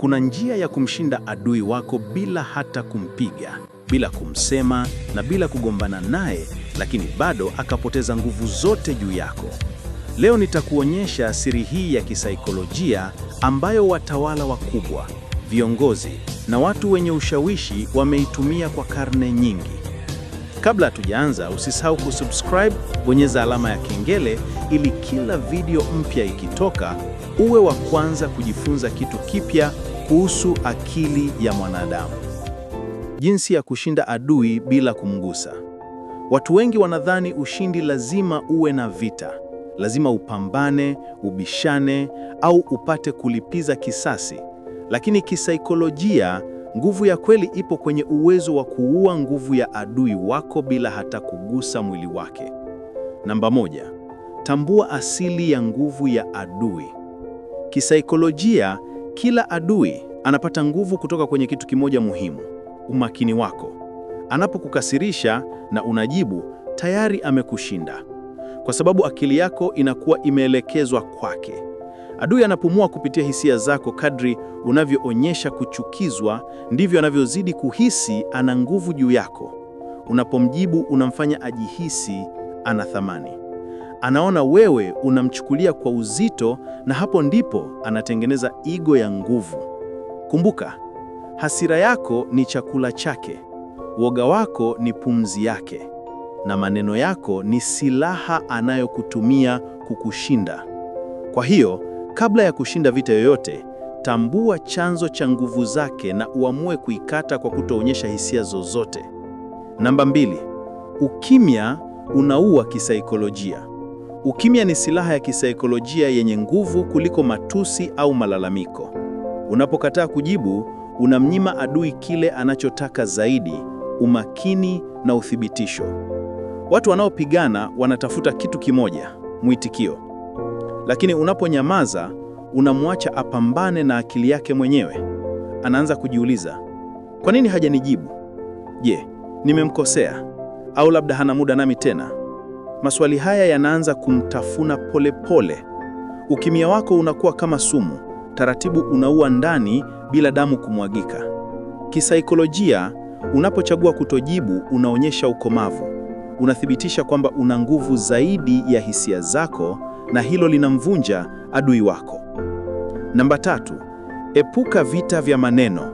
Kuna njia ya kumshinda adui wako bila hata kumpiga, bila kumsema na bila kugombana naye, lakini bado akapoteza nguvu zote juu yako. Leo nitakuonyesha siri hii ya kisaikolojia ambayo watawala wakubwa, viongozi na watu wenye ushawishi wameitumia kwa karne nyingi. Kabla hatujaanza, usisahau kusubscribe, bonyeza alama ya kengele ili kila video mpya ikitoka uwe wa kwanza kujifunza kitu kipya kuhusu akili ya mwanadamu. Jinsi ya kushinda adui bila kumgusa. Watu wengi wanadhani ushindi lazima uwe na vita, lazima upambane, ubishane au upate kulipiza kisasi. Lakini kisaikolojia, nguvu ya kweli ipo kwenye uwezo wa kuua nguvu ya adui wako bila hata kugusa mwili wake. Namba moja, tambua asili ya nguvu ya adui. Kisaikolojia, kila adui anapata nguvu kutoka kwenye kitu kimoja muhimu, umakini wako. Anapokukasirisha na unajibu, tayari amekushinda, kwa sababu akili yako inakuwa imeelekezwa kwake. Adui anapumua kupitia hisia zako. Kadri unavyoonyesha kuchukizwa, ndivyo anavyozidi kuhisi ana nguvu juu yako. Unapomjibu, unamfanya ajihisi ana thamani. Anaona wewe unamchukulia kwa uzito, na hapo ndipo anatengeneza igo ya nguvu. Kumbuka, hasira yako ni chakula chake, woga wako ni pumzi yake, na maneno yako ni silaha anayokutumia kukushinda. Kwa hiyo, kabla ya kushinda vita yoyote, tambua chanzo cha nguvu zake na uamue kuikata kwa kutoonyesha hisia zozote. Namba mbili, ukimya unaua kisaikolojia. Ukimya ni silaha ya kisaikolojia yenye nguvu kuliko matusi au malalamiko. Unapokataa kujibu, unamnyima adui kile anachotaka zaidi, umakini na uthibitisho. Watu wanaopigana wanatafuta kitu kimoja, mwitikio. Lakini unaponyamaza, unamwacha apambane na akili yake mwenyewe. Anaanza kujiuliza, kwa nini hajanijibu? Je, nimemkosea? Au labda hana muda nami tena? maswali haya yanaanza kumtafuna polepole pole. Ukimya wako unakuwa kama sumu, taratibu unaua ndani bila damu kumwagika. Kisaikolojia, unapochagua kutojibu, unaonyesha ukomavu, unathibitisha kwamba una nguvu zaidi ya hisia zako, na hilo linamvunja adui wako. Namba tatu, epuka vita vya maneno.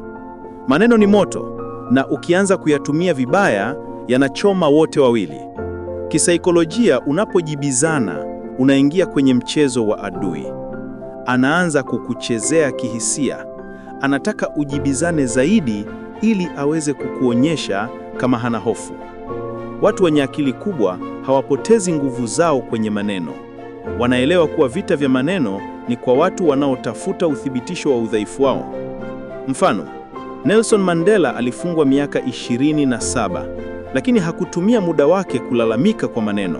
Maneno ni moto, na ukianza kuyatumia vibaya, yanachoma wote wawili. Kisaikolojia, unapojibizana unaingia kwenye mchezo wa adui. Anaanza kukuchezea kihisia, anataka ujibizane zaidi ili aweze kukuonyesha kama hana hofu. Watu wenye akili kubwa hawapotezi nguvu zao kwenye maneno. Wanaelewa kuwa vita vya maneno ni kwa watu wanaotafuta uthibitisho wa udhaifu wao. Mfano, Nelson Mandela alifungwa miaka 27 lakini hakutumia muda wake kulalamika kwa maneno.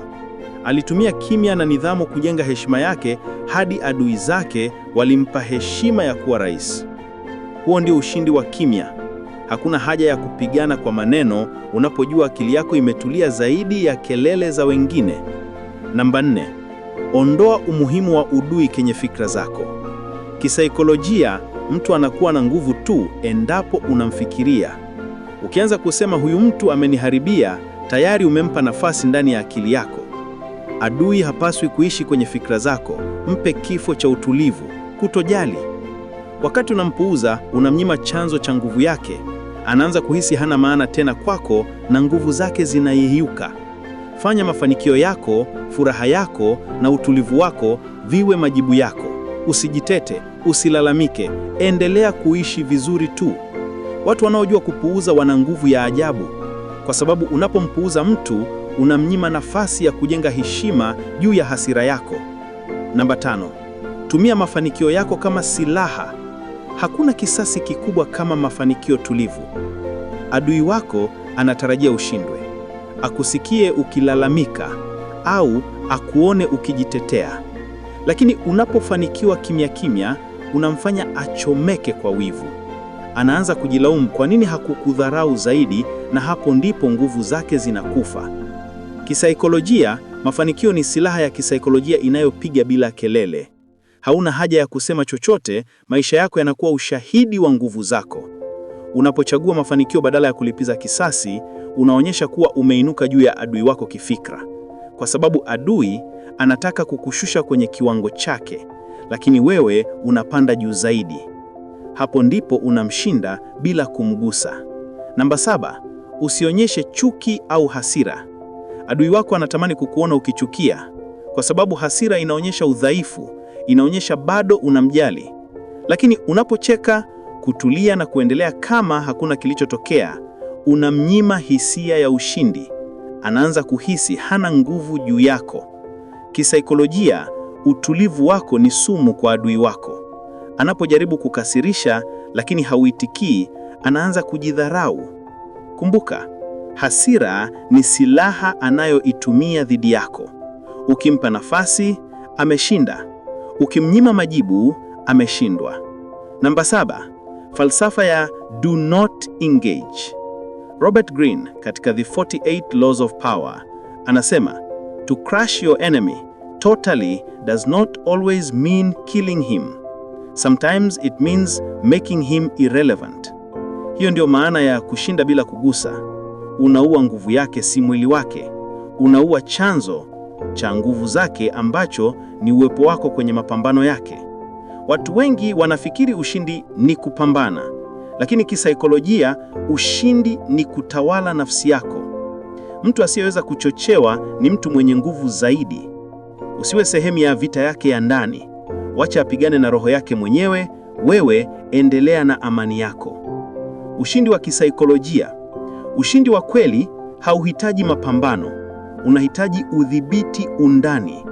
Alitumia kimya na nidhamu kujenga heshima yake hadi adui zake walimpa heshima ya kuwa rais. Huo ndio ushindi wa kimya. Hakuna haja ya kupigana kwa maneno unapojua akili yako imetulia zaidi ya kelele za wengine. Namba nne, ondoa umuhimu wa udui kwenye fikra zako. Kisaikolojia, mtu anakuwa na nguvu tu endapo unamfikiria Ukianza kusema huyu mtu ameniharibia, tayari umempa nafasi ndani ya akili yako. Adui hapaswi kuishi kwenye fikra zako. Mpe kifo cha utulivu, kutojali. Wakati unampuuza, unamnyima chanzo cha nguvu yake. Anaanza kuhisi hana maana tena kwako na nguvu zake zinaiyuka. Fanya mafanikio yako, furaha yako na utulivu wako viwe majibu yako. Usijitete, usilalamike, endelea kuishi vizuri tu. Watu wanaojua kupuuza wana nguvu ya ajabu, kwa sababu unapompuuza mtu unamnyima nafasi ya kujenga heshima juu ya hasira yako. Namba tano, tumia mafanikio yako kama silaha. Hakuna kisasi kikubwa kama mafanikio tulivu. Adui wako anatarajia ushindwe, akusikie ukilalamika au akuone ukijitetea, lakini unapofanikiwa kimya kimya, unamfanya achomeke kwa wivu anaanza kujilaumu kwa nini hakukudharau zaidi, na hapo ndipo nguvu zake zinakufa. Kisaikolojia, mafanikio ni silaha ya kisaikolojia inayopiga bila kelele. Hauna haja ya kusema chochote, maisha yako yanakuwa ushahidi wa nguvu zako. Unapochagua mafanikio badala ya kulipiza kisasi, unaonyesha kuwa umeinuka juu ya adui wako kifikra, kwa sababu adui anataka kukushusha kwenye kiwango chake, lakini wewe unapanda juu zaidi hapo ndipo unamshinda bila kumgusa. Namba saba, usionyeshe chuki au hasira. Adui wako anatamani kukuona ukichukia, kwa sababu hasira inaonyesha udhaifu, inaonyesha bado unamjali. Lakini unapocheka, kutulia na kuendelea kama hakuna kilichotokea, unamnyima hisia ya ushindi. Anaanza kuhisi hana nguvu juu yako. Kisaikolojia, utulivu wako ni sumu kwa adui wako. Anapojaribu kukasirisha lakini hauitikii, anaanza kujidharau. Kumbuka, hasira ni silaha anayoitumia dhidi yako. Ukimpa nafasi, ameshinda. Ukimnyima majibu, ameshindwa. Namba saba, falsafa ya do not engage. Robert Greene katika The 48 Laws of Power anasema, to crush your enemy totally does not always mean killing him. Sometimes it means making him irrelevant. Hiyo ndiyo maana ya kushinda bila kugusa. Unaua nguvu yake, si mwili wake. Unaua chanzo cha nguvu zake ambacho ni uwepo wako kwenye mapambano yake. Watu wengi wanafikiri ushindi ni kupambana, lakini kisaikolojia ushindi ni kutawala nafsi yako. Mtu asiyeweza kuchochewa ni mtu mwenye nguvu zaidi. Usiwe sehemu ya vita yake ya ndani wacha apigane na roho yake mwenyewe, wewe endelea na amani yako. Ushindi wa kisaikolojia. Ushindi wa kweli hauhitaji mapambano, unahitaji udhibiti undani.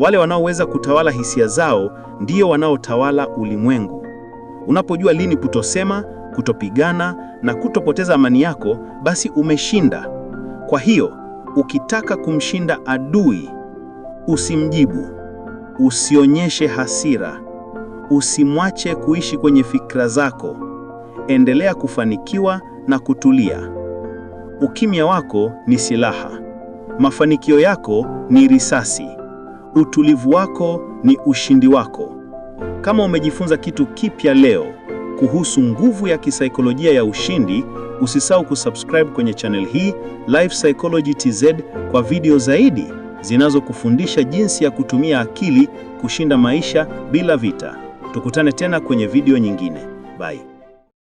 Wale wanaoweza kutawala hisia zao ndio wanaotawala ulimwengu. Unapojua lini kutosema, kutopigana na kutopoteza amani yako, basi umeshinda. Kwa hiyo ukitaka kumshinda adui, usimjibu. Usionyeshe hasira, usimwache kuishi kwenye fikra zako. Endelea kufanikiwa na kutulia. Ukimya wako ni silaha, mafanikio yako ni risasi, utulivu wako ni ushindi wako. Kama umejifunza kitu kipya leo kuhusu nguvu ya kisaikolojia ya ushindi, usisahau kusubscribe kwenye channel hii Life Psychology TZ kwa video zaidi zinazokufundisha jinsi ya kutumia akili kushinda maisha bila vita. Tukutane tena kwenye video nyingine. Bye.